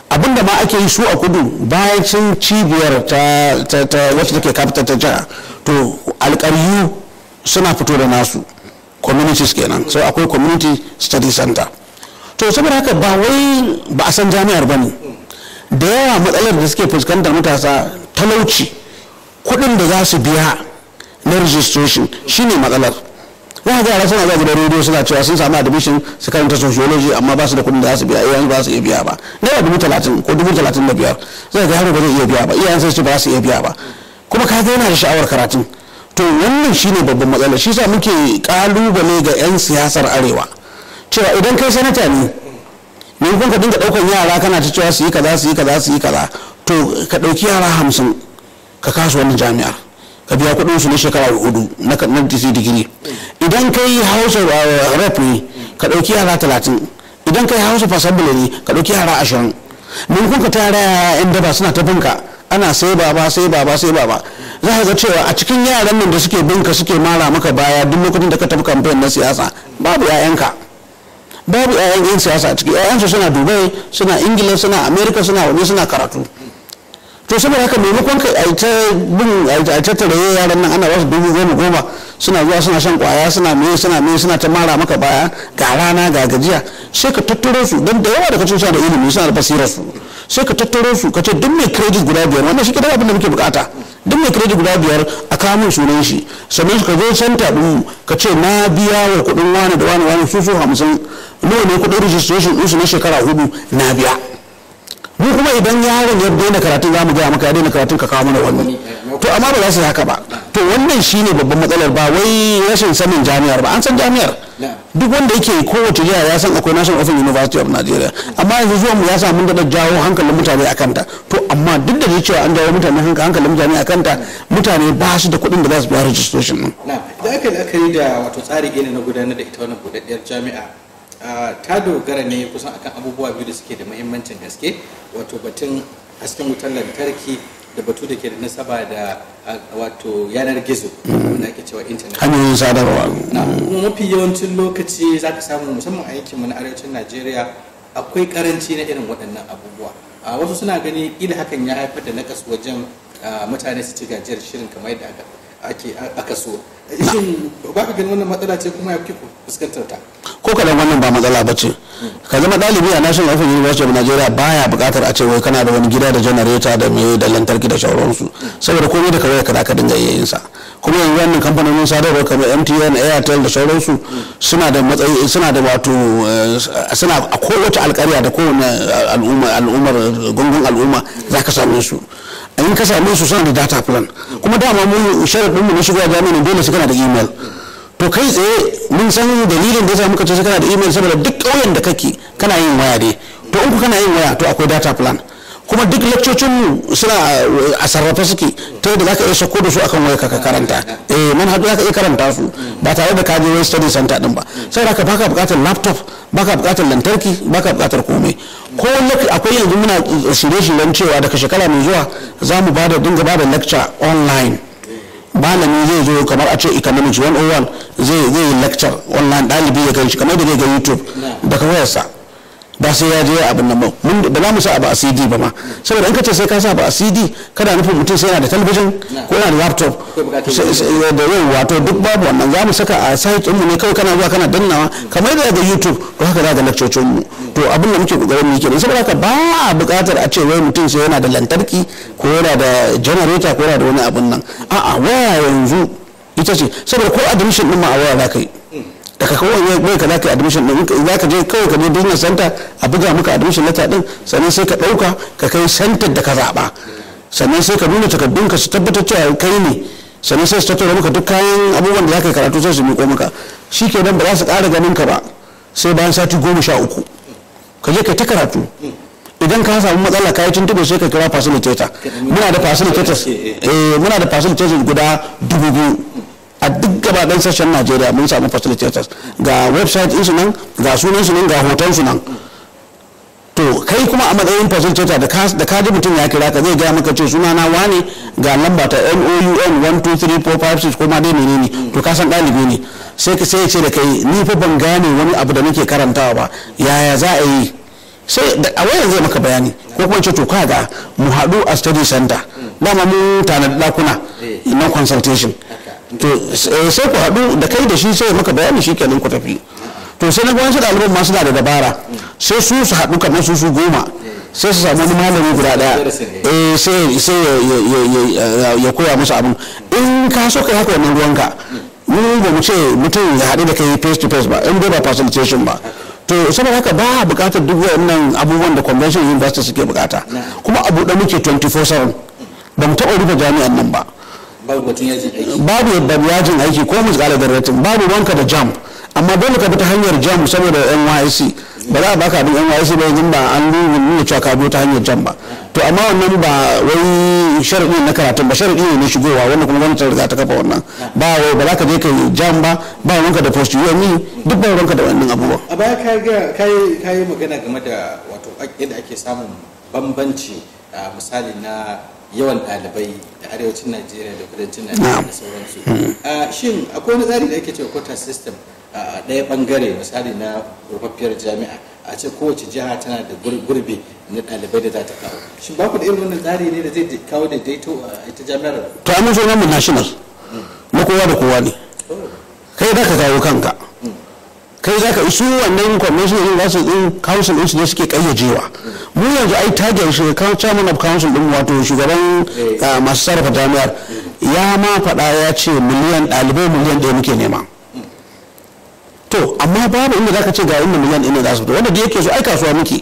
abinda ma ake yi su a kudu bayan cin cibiyar ta ta wacce take capital ta jiha to alƙaryu suna fito da nasu communities kenan so akwai community study center to saboda haka ba wai ba a san jami'ar ba ne da yawa matsalar da suke fuskantar matasa talauci kudin da za su biya na registration shine matsalar wani ga yara suna zuwa gidan rediyo suna cewa sun samu admission su karanta sociology amma ba su da kuɗin da za su biya iyayen ba su iya biya ba naira dubu talatin ko dubu talatin da biyar zai ga yaro ba zai iya biya ba iyayen sai su ba su iya biya ba kuma ka ga yana da sha'awar karatun to wannan shine babban matsalar shi sa muke kalubale ga 'yan siyasar arewa cewa idan kai sanata ne ne kun ka dinga daukan yara kana ta cewa su yi kaza su yi kaza su yi kaza to ka dauki yara hamsin ka kasu wannan jami'ar ka biya kudin su na shekara hudu na kaɗan digiri idan ka yi hausa uh, rep ne ka ɗauki yara talatin idan ka yi hausa fasabula ne ka ɗauki yara ashirin don kuka ta yara yan daba suna ta binka ana sai baba sai baba sai baba za ka ga cewa a cikin yaran nan da suke binka suke mara maka baya duk lokacin da ka tafi kamfen na siyasa babu 'ya'yanka babu 'ya'yan 'yan siyasa a ciki 'ya'yansu suna dubai suna ingila suna amerika suna wani suna karatu to saboda haka maimakon ka a ta bin aita ta yaran nan ana wasu dubu goma goma suna zuwa suna shan kwaya suna me suna me suna ta mara maka baya ga rana ga gajiya sai ka tattaro su don da yawa daga cikin suna da ilimi suna da basirar su sai ka tattaro su ka ce duk mai credit guda biyar wannan shi ke abin da muke bukata duk mai credit guda biyar a kamun sunan shi sannan ka zo santa ɗin ka ce na biya wa kuɗin wani da wani wani su su hamsin nawa ne kuɗin registration ɗinsu na shekara hudu na biya mu kuma idan yaron ya daina karatu za mu gaya maka ya daina karatu ka kawo mana wani to amma ba za su haka ba to wannan shine babban matsalar ba wai rashin sanin jami'ar ba an san jami'ar duk wanda yake kowace jiya ya san akwai national open university of nigeria amma yanzu zuwa mu ya sa mun da jawo hankalin mutane a kanta to amma duk da cewa an jawo mutane hankalin mutane a kanta mutane ba su da kuɗin da za su biya registration din da aka yi da wato tsari ne na gudanar da ita wannan budaddiyar jami'a ta dogara ne kusan akan abubuwa biyu da suke da muhimmancin gaske wato batun hasken wutar lantarki da batu da ke da nasaba da wato yanar gizo wanda ake cewa intanet hanyoyin sadarwa na mafi yawancin lokaci za ka samu musamman a mu na arewacin najeriya akwai karanci na irin waɗannan abubuwa a wasu suna gani ila hakan ya haifar da nakas wajen mutane su ci gajiyar shirin kamar yadda aka ake aka so shin ba ka ganin wannan matsala ce kuma ya fi fuskantar ta ko kadan wannan ba matsala ba ce ka zama ɗalibi a national African university of nigeria baya buƙatar a ce wai kana da wani gida da janareta da me da lantarki da sauransu saboda komai da kawai ka da ka dinga yayin sa kuma yanzu wannan kamfanonin sadarwa kamar mtn airtel da sauransu suna da matsayi suna da wato eh, suna a kowace alƙarya da kowane al'umma al'ummar gungun al'umma za ka same su in kasa a su suna da data plan kuma dama mun sharaɗin mu na shigo jami'an jami'in dole su kana da email to kai tsaye mun san dalilin da ya sa muka ce kana da email saboda duk ƙauyen da kake kana yin waya dai to in ku kana yin waya to akwai data plan kuma duk mu suna eh, a sarrafa suke ta yadda ka iya sako da su akan waya ka karanta eh za ka iya karanta su ba tare da kaje wani study center din ba sai da ka baka buƙatar laptop baka buƙatar lantarki baka bukatar komai ko akwai yanzu muna shirye-shiryen cewa daga shekara mai zuwa za mu bada dinga bada lecture online malami zai zo kamar a ce economics 101 zai yi lecture online ɗalibi ya gani shi kamar da zai ga youtube daga wayarsa ba sai ya je abin nan ba ba za mu sa abu a cd ba ma saboda in ka ce sai ka sa abu a cd kada nufin mutum sai yana da talabijin ko yana da laptop da yau wato duk babu wannan za mu saka a site mu ne kawai kana zuwa kana dannawa kamar da daga youtube ko haka za ga lakcocin mu to abin da muke kokarin muke ne saboda haka ba a buƙatar a ce wai mutum sai yana da lantarki ko yana da generator ko yana da wani abin nan a'a waya yanzu ita ce saboda ko admission din ma a waya za ka yi daga kawai mai ka zaka admission din za ka je kawai ka je business center a buga maka admission letter din sannan sai ka dauka ka kai center da ka zaba sannan sai ka nuna takardun ka su tabbatar cewa kai ne sannan sai su tattauna maka duk kayan abubuwan da za ka yi karatu sai su miƙo maka shi ke nan ba za su ƙara ganin ka ba sai bayan sati goma sha uku ka je ka ta karatu idan ka samu matsala ka yi tuntuɓe sai ka kira facilitator muna da facilitators eh, muna da facilitators guda dubu biyu a duk gaba sashen najeriya mun samu facilitators ga website insu nan ga sunan su nan ga hoton su nan to kai kuma a matsayin facilitator da ka ji mutum ya kira ka zai gaya maka ce suna na wani ga lamba ta moun 123456 ko ma dai menene to ka san ɗalibi ne sai ka sai ce da kai ni fa ban gane wani abu da nake karantawa ba yaya za a yi sai a wayan zai maka bayani ko kuma ce to ka ga mu haɗu a study center dama mun tanadi ɗakuna eh. na consultation to eh, sai ku haɗu da kai da shi sai maka bayani shi kenan ku tafi to sai na ga wasu ɗaliban ma suna da dabara sai su su haɗu kamar su su goma sai su samu wani malami guda ɗaya eh sai ya koya musu abin in ka so kai haka wannan ruwanka mu ba mu ce mutum ya haɗu da kai face to face ba in ba facilitation ba to saboda haka ba a bukatar duk wannan abubuwan da convention university suke bukata kuma abu da muke 24/7 ba mu taɓa rufe jami'an nan ba babu yadda yajin aiki ko musgala da ratin babu wanka da jam amma dole ka bi ta hanyar jam saboda NYC ba za a baka abin NYC ba yanzu ba an nuna cewa ka bi ta hanyar jam ba to amma wannan ba wai sharadi na karatun ba sharadi ne na shigowa wanda kuma gwamnati riga ta kafa wannan ba wai ba za ka je ka yi jam ba ba wanka da post UME duk ba wanka da wannan abubuwa a baya ka ga kai magana game da wato yadda ake samun bambanci misali na yawan ɗalibai da arewacin najeriya da kudancin najeriya da sauransu shin akwai wani tsari da ake cewa quota system a ɗaya ɓangare misali na rufaffiyar jami'a a ce kowace jiha tana da gurbi na ɗalibai da za ta kawo shin ba ku da irin wannan tsari ne da zai kawo daidaito a ita jami'ar to an zo namu national na hmm. kowa da kowa ne oh. kai za ka kawo kanka kai zaka su wannan kwamishin din za su yi council din su ne suke kayyajewa mu yanzu ai tagen shi chairman of council din wato shugaban eh. ah, masu sarrafa jami'ar ya ma faɗa ya ce miliyan ɗalibai miliyan ɗaya muke nema to amma babu inda zaka ce ga inda miliyan ɗaya za su fito wanda da yake so ai kasuwa muke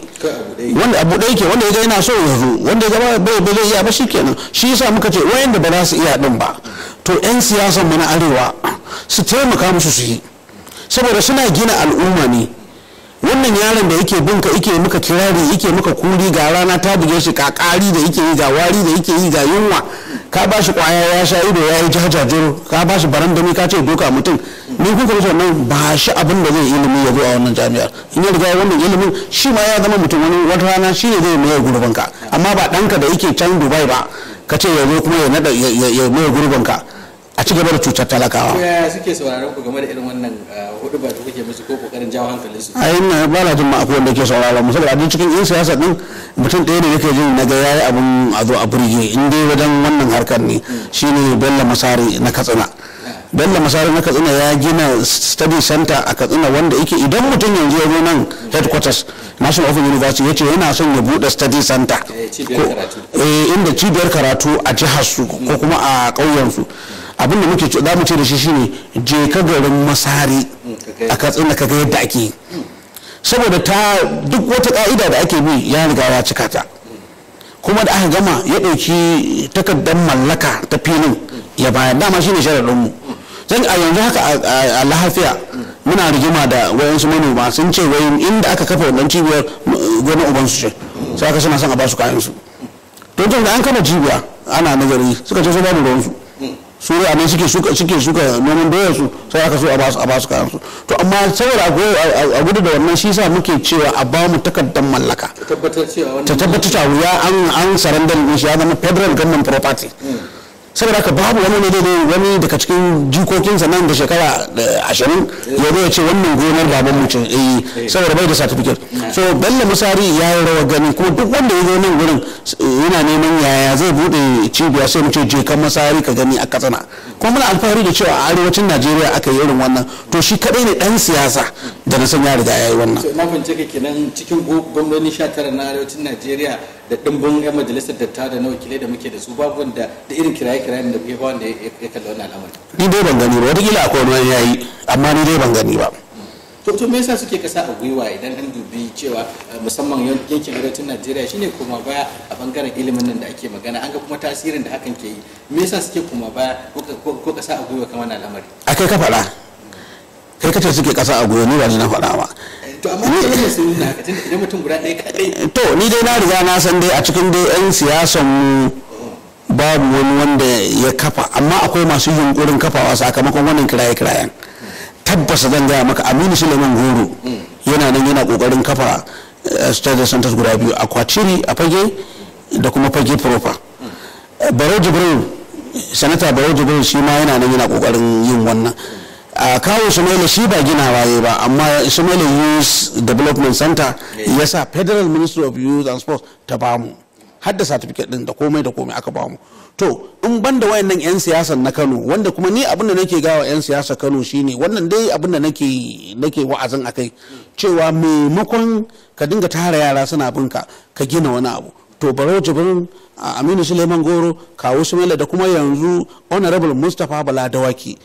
wanda abu ɗaya yake wanda ya ga yana so ya zo wanda ya ga bai zai iya ba shi kenan shi yasa muka ce wayanda ba za su iya din ba to 'yan siyasan mu na arewa su taimaka musu su yi saboda suna gina al'umma ne wannan yaron da yake binka yake muka kirari yake muka kuri ga rana ta buge shi kakari da yake yi ga wari da yake yi ga yunwa ka ba shi kwaya ya sha ido ya yi jajajiro ka ba shi barandami ka ce doka mutum ni kuka rufe nan ba shi abin da zai ilimi ya zo a wannan jami'ar in ya riga wannan ilimin shi ma ya zama mutum wani wata rana shi ne zai mai ka amma ba ɗanka da yake can dubai ba ka ce ya zo kuma ya mai ka. a ci gaba da cutar talakawa ya suke sauraron ku game da irin wannan ah, hudu ba da kuke musu ko kokarin jawo hankalin su a yin ba na jin ma akwai wanda ke sauraron musu da cikin yan siyasa din mutum ɗaya ne yake jin naga yayi abun a zo a burge in dai wajen wannan harkar ne shine Bello Masari na Katsina Bello Masari na Katsina ya gina study center a Katsina wanda yake idan mutum yanzu ya zo nan headquarters National Open University ya ce yana son ya buɗe study center eh, eh, inda cibiyar karatu a jihar su ko kuma a ƙauyen su abin da muke za mu ce da shi shine je ka garin masari a katsina ka ga yadda ake saboda ta duk wata ka'ida da ake bi ya riga ya cika ta kuma da aka gama ya ɗauki takardar mallaka ta filin ya bayar dama shine sharaɗin mu zan a yanzu haka a lahafiya muna rigima da wayansu manoma sun ce wayan inda aka kafa wannan cibiyar gonar ubansu ce sai aka suna son a ba su kayan su to da an kama cibiya ana nazari suka ce su ba mu ruwansu su ne suke suka suke suka noman doyar su sai aka so a su a basu kayan su to amma saboda a gudu da wannan shi sa muke cewa a ba mu takardar mallaka ta tabbatar cewa wannan ta wuya an an sarandan shi ya zama federal government property hmm. saboda haka babu wani ne dai wani daga cikin jikokinsa nan da shekara eh, ashirin ya zo ya ce wannan gonar da mu ce eh saboda bai da certificate so bello musari ya yi rawa gani kuma duk wanda ya zo nan gurin eh, yana neman yaya zai bude cibiya sai mu ce je kan masari ka gani a katsina kuma muna alfahari da cewa a arewacin najeriya aka yi irin wannan to shi kadai ne dan siyasa da na san ya riga ya yi wannan na bincike kenan cikin gwamnoni 19 na arewacin najeriya da dimbin yan majalisar dattawa da na wakilai da muke da su babu wanda da irin kiraye-kirayen da kuke wanda ya kalli wannan al'amari ni dai ban gani ba gila akwai wani yayi amma ni dai ban gani ba to to me yasa suke kasa a gwiwa idan an dubi cewa eh, musamman yankin arewacin Najeriya shine kuma baya a bangaren ilimin nan da ake magana an ga kuma tasirin da hakan ke yi me yasa suke kuma baya ko kasa a gwiwa kamar al'amari akai ka faɗa kai kace suke kasa a goyo ni ba ni na faɗa ba to amma ne idan mutum guda ɗaya kaɗai to ni dai na riga na san dai a cikin dai yan siyasan mu babu wani wanda ya kafa amma akwai masu yunkurin kafawa sakamakon wannan kiraye kirayen tabbas zan gaya maka aminu suleiman goro yana nan yana kokarin kafa eh, state centers guda biyu a kwaciri a fage da kuma fage proper baro jibril sanata baro jibril shi ma yana nan yana kokarin yin wannan a kawo sumaila shi ba gina waye ba amma sumaila youth development center eh. ya sa federal ministry of youth and sports ta bamu har da certificate din da komai da komai aka bamu to in banda wayannan yan siyasan na Kano wanda kuma ni abin da nake gawa yan siyasa Kano shine wannan dai abin da nake nake wa'azin kai cewa maimakon ka dinga tara yara suna binka ka gina wani abu to baro jibrin aminu suleiman goro kawo sumaila da kuma yanzu honorable mustapha baladawaki.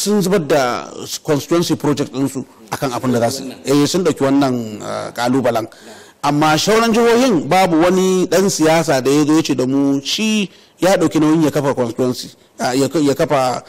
sun zubar da constituency project ɗinsu akan abin da za su yi eh, sun ɗauki wannan kalubalen eh, amma shauran jihohin babu wani ɗan siyasa da ya ce da mu shi ya ɗauki nauyin ya kafa constituency eh, ya kafa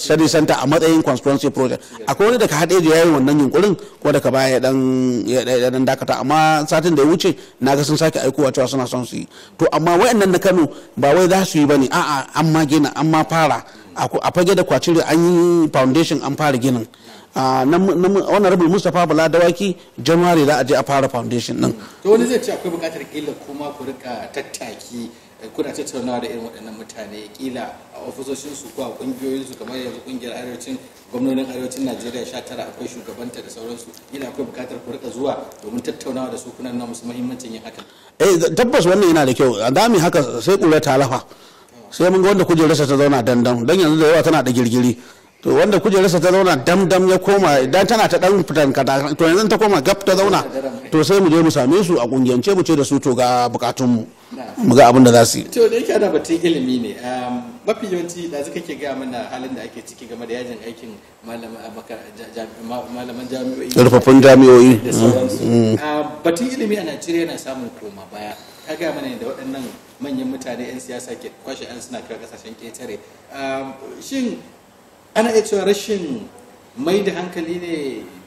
study center a matsayin constituency project akwai wani daga haɗe da yayin wannan yunkurin ko daga baya ya ɗan dakata amma satin da ya wuce na ga sun sake aikowa cewa suna son su yi to amma wayannan na Kano ba wai za su yi ba ne a'a an ma gina an ma fara a fage da kwaciri an yi foundation an fara ginin wannan rabin mustapha bala dawaki januari za a je a fara foundation din to wani zai ce akwai bukatar kila kuma ku rika tattaki eh, kuna tattaunawa da irin waɗannan mutane kila a ofisoshin su ko a kungiyoyin su kamar yanzu kungiyar arewacin gwamnonin arewacin najeriya sha tara akwai shugabanta da sauransu kila akwai bukatar ku rika zuwa domin tattaunawa da su kuna nuna musu mahimmancin yin hakan eh tabbas wannan yana da kyau a dami haka sai ta talafa sai mun ga wanda kujerarsa ta zauna dandam don yanzu da yawa tana da girgiri to wanda kujerarsa ta zauna dandam ya koma idan tana ta dan fitankata to yanzu ta koma gab ta zauna to sai mu je mu same su a kungiyance mu ce da su to ga bukatun mu mu ga abin da za su yi to da yake ana batun ilimi ne um, mafi yawanci da zaka ke ga mana halin da ake ciki game da yajin aikin malaman jami'o'i rufaffun jami'o'i mm, mm. Um, batun ilimi a Najeriya yana samun koma baya ka ga mana da waɗannan manyan mutane 'yan siyasa ke kwashe 'yan suna kira kasashen ƙetare shin ana iya cewa rashin mai da hankali ne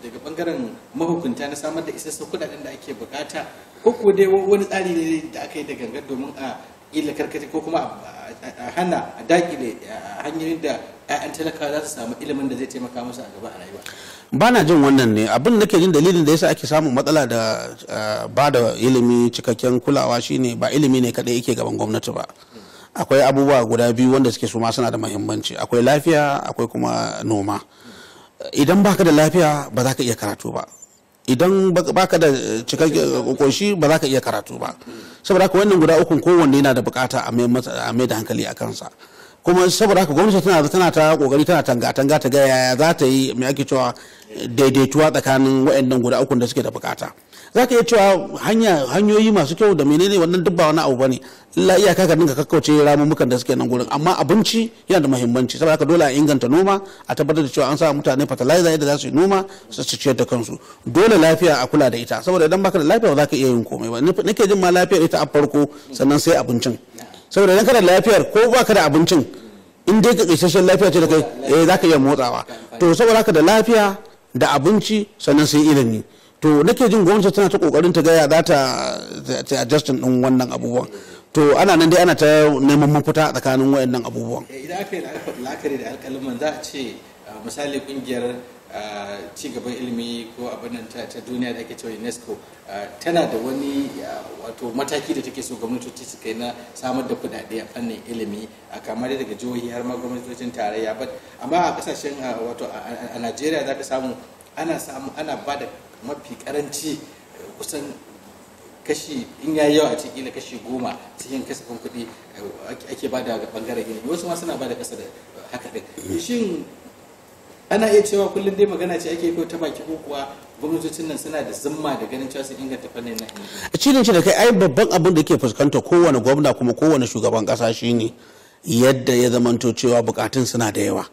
daga ɓangaren mahukunta na samar da isassun kudaden da ake bukata ko ko dai wani tsari ne da aka yi da gangar domin a ila karkace ko kuma a hana a dakile hanyoyin da 'ya'yan talakawa za su samu ilimin da zai taimaka musu a gaba a rayuwa ba na jin wannan ne abin da ke jin dalilin da yasa ake samun matsala da eh, ba da ilimi cikakken kulawa shine ba ilimi ne kadai yake gaban gwamnati ba akwai abubuwa guda biyu wanda suke su suna da mahimmanci akwai lafiya akwai kuma noma idan baka da lafiya ba za ka iya karatu ba idan baka da cikakken koshi ba za ka iya karatu ba saboda haka wannan guda ukun kowanne yana da bukata a mai da hankali a kansa kuma saboda haka gwamnati tana tana ta kokari tana tanga tanga ta ga yaya za ta yi mai ake cewa daidaituwa tsakanin wa'annan guda uku da suke da bukata za ka iya cewa hanya hanyoyi masu kyau da menene wannan duk ba wani abu bane illa iya ka dinga kakkauce ramumukan da suke nan gurin amma abinci yana da muhimmanci saboda haka dole a inganta noma a tabbatar da cewa an sa mutane fertilizer yadda za su yi noma su ci ciyar da kansu dole lafiya a kula da ita saboda idan baka da lafiya ba za ka iya yin komai ba nake jin ma lafiyar ita a farko sannan sai abincin saboda idan kana lafiyar ko ba ka da abincin in dai ka isasshen lafiya ce da kai eh za ka iya motsawa to saboda haka da lafiya da abinci sannan sai ilimi to nake jin gwamnati tana ta kokarin ta gaya za ta adjustin din wannan abubuwan to ana nan dai ana ta neman mafita tsakanin wayannan abubuwan eh, idan aka yi la'akari da alƙaliman za a ce misali kungiyar ci gaban ilimi ko abin ta duniya da ake cewa unesco tana da wani wato mataki da take so gwamnatoci su kai na samar da kudade a fannin ilimi a kamar daga jihohi har ma gwamnatocin tarayya amma a kasashen wato a najeriya za ka samu ana samu ana ba da mafi karanci kusan kashi in ya yawa a cikin kashi goma cikin kasafin kuɗi ake ba da bangaren ilimi wasu ma suna ba da ƙasa da haka ɗin shin ana iya cewa kullum dai magana ce ake ta baki ko kuwa gwamnatocin nan suna da zimma da ganin cewa sun inganta fannin na cikin da kai ai babban abin da ke fuskanta kowane gwamna kuma kowane shugaban kasa shine yadda ya zamanto cewa bukatun suna da yawa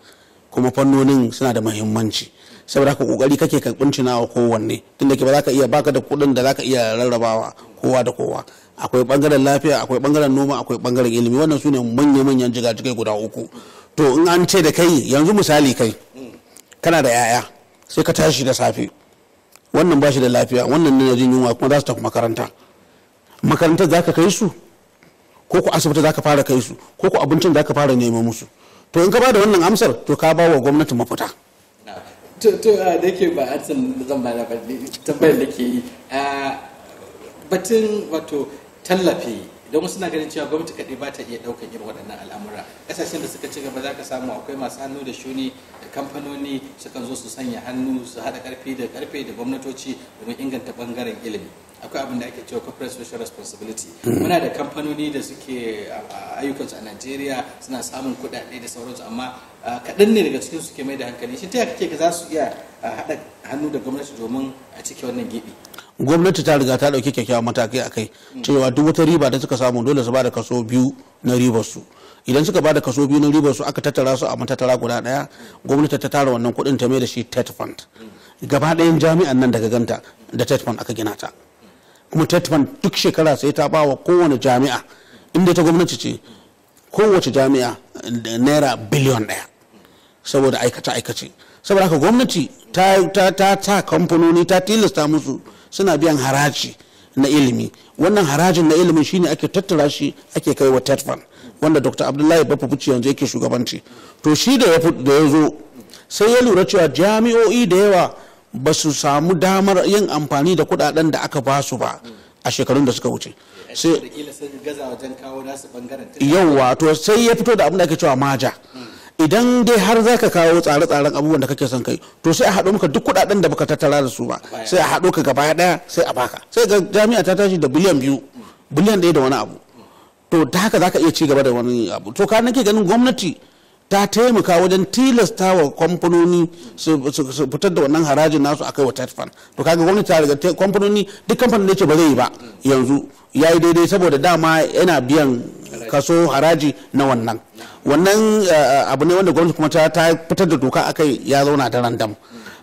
kuma fannonin suna da muhimmanci saboda haka kokari kake ka wa kowanne tunda ke ba za ka iya baka da kuɗin da za ka iya rarrabawa kowa da kowa akwai bangaren lafiya akwai bangaren noma akwai bangaren ilimi wannan su ne manya-manyan jigajigai guda uku to in an ce da kai yanzu misali kai kana da 'ya'ya sai ka tashi da safe wannan ba shi da lafiya wannan ne jin yunwa kuma za su tafi makaranta makarantar za ka kai su ko ku asibiti za ka fara kai su ko ku abincin za ka fara nema musu to in ka ba da wannan amsar to ka ba wa gwamnati mafita to to ah, da ke ba a zan ba da da ke yi ah, batun wato tallafi don suna ganin cewa gwamnati kaɗai ba ta iya ɗaukar irin waɗannan al'amura ƙasashen da suka ci gaba za ka samu akwai masu hannu da shuni da kamfanoni sukan zo su sanya hannu su haɗa ƙarfi da ƙarfe da gwamnatoci domin inganta ɓangaren ilimi akwai abin da ake cewa corporate social responsibility muna da kamfanoni da suke ayyukansu a Najeriya suna samun kuɗaɗe da sauransu amma kaɗan ne daga cikin suke mai da hankali shi ta yaya kake za su iya haɗa hannu da gwamnati domin a cike wannan gibi gwamnati ta riga ta dauki kyakkyawan matakai akai cewa duk wata riba da suka samu dole su bada kaso biyu na ribar su idan suka bada kaso biyu na ribar su aka tattara su a matattara guda daya gwamnati ta tara wannan kuɗin ta mai da shi tet fund gaba ɗayan jami'an nan daga ganta da tet fund aka gina ta kuma tet fund duk shekara sai ta bawa kowane jami'a inda ta gwamnati ce kowace jami'a naira biliyon daya saboda aikace aikace saboda haka gwamnati ta ta kamfanoni ta tilasta musu suna biyan haraji na ilimi wannan harajin na ilimin shine ake tattara shi ake kai wa tetfan wanda dr abdullahi bafa fuci yanzu yake shugabanci to shi da ya zo sai ya lura cewa jami'o'i da yawa ba su samu damar yin amfani da kudaden da aka ba su ba a shekarun da suka wuce sai sai ya fito da abin da ake cewa maja idan dai har za ka kawo tsare-tsaren abubuwan da kake son kai to sai a haɗo maka duk kuɗaɗen da baka tattara da su ba sai a haɗo ka gaba ɗaya sai a baka sai ga jami'a ta tashi da biliyan biyu biliyan ɗaya da wani abu to ta haka za ka iya ci gaba da wani abu to ka nake ganin gwamnati ta taimaka wajen tilasta wa kamfanoni su fitar da wannan harajin nasu akai wa tatfan to kaga gwamnati ta riga kamfanoni duk kamfanin da ce ba zai yi ba yanzu ya yi daidai saboda dama yana biyan kaso haraji na wannan wannan eh, abu ne wanda gwamnati kuma ta fitar da doka akai ya zauna da randam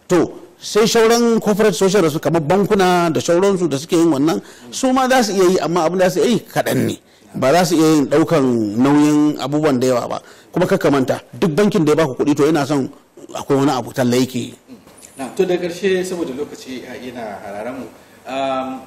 to sai shauran corporate social da su kamar bankuna da shauransu da suke yin wannan su ma za su iya yi amma abin da su iya yi kaɗan ne ba za su iya yin ɗaukan nauyin abubuwan da yawa ba kuma manta duk bankin da ya baku kuɗi to yana son akwai wani abu talla yake to da ƙarshe saboda lokaci eh, yana hararen mu um,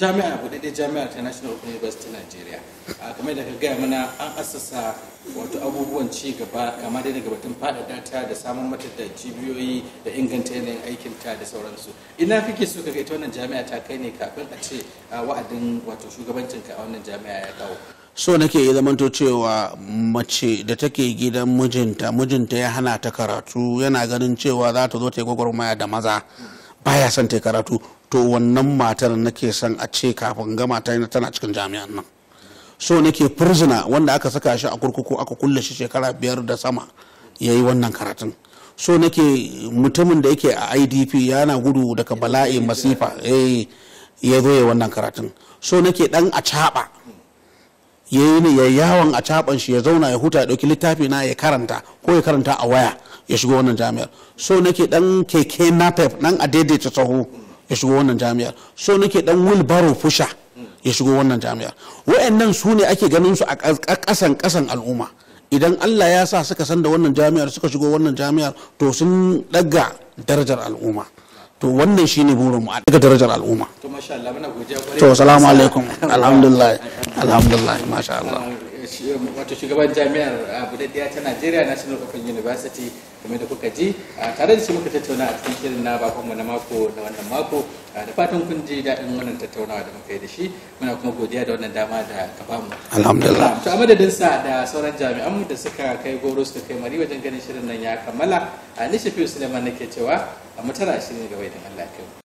jami'a daidai jami'a ta national open university nigeria a kamar da ka gaya mana an asasa wato abubuwan ci gaba kama dai daga batun faɗaɗa ta da samun mata da cibiyoyi da inganta yanayin aikin ta da sauransu ina kake so ka gaita wannan jami'a ta kai ne kafin a ce wa'adin wato shugabancin ka a wannan jami'a ya kawo so nake ya zamanto cewa mace da take gidan mijinta mijinta ya hana ta karatu yana ganin cewa za ta zo ta yi gwagwarmaya da maza mm. baya son ta karatu to wannan matar nake son a ce kafin gama ta tana cikin jami'an nan so nake firzina wanda aka saka shi a kurkuku aka kulle shi shekara biyar da sama ya yi wannan karatun so nake mutumin da yake a idp yana gudu daga bala'i masifa eh, ya zo ya wannan karatun so nake dan a caba ya yi ne ya yawon a caban shi ya zauna ya huta ya ɗauki littafi na ya karanta ko ya karanta a waya ya shigo wannan jami'ar so nake dan keke napep dan a daidaita tsaho ya shigo wannan jami'ar so nake dan wilbaro fusha ya shigo wannan jami'ar wa'annan su ne ake ganin su a ƙasan ƙasan al'umma idan Allah ya sa suka san da wannan jami'ar suka shigo wannan jami'ar to sun ɗaga darajar al'umma to wannan shine burin mu a ɗaga darajar al'umma masha Allah muna godiya kwarai to salamu alaikum alhamdulillah alhamdulillah masha Allah wato shugaban jami'ar abu uh, daɗiya ta Najeriya National Open University kuma da kuka ji uh, tare da shi muka tattauna a cikin shirin na mu na mako na wannan mako uh, da fatan kun ji daɗin wannan tattaunawa da muka yi da shi muna kuma godiya da wannan dama da ka mu alhamdulillah to a madadin sa da sauran jami'an mu da suka kai goro suka kai mari wajen ganin shirin nan ya kammala a ni shafiu suleiman nake cewa a mutara shi ne gaba idan Allah ya kai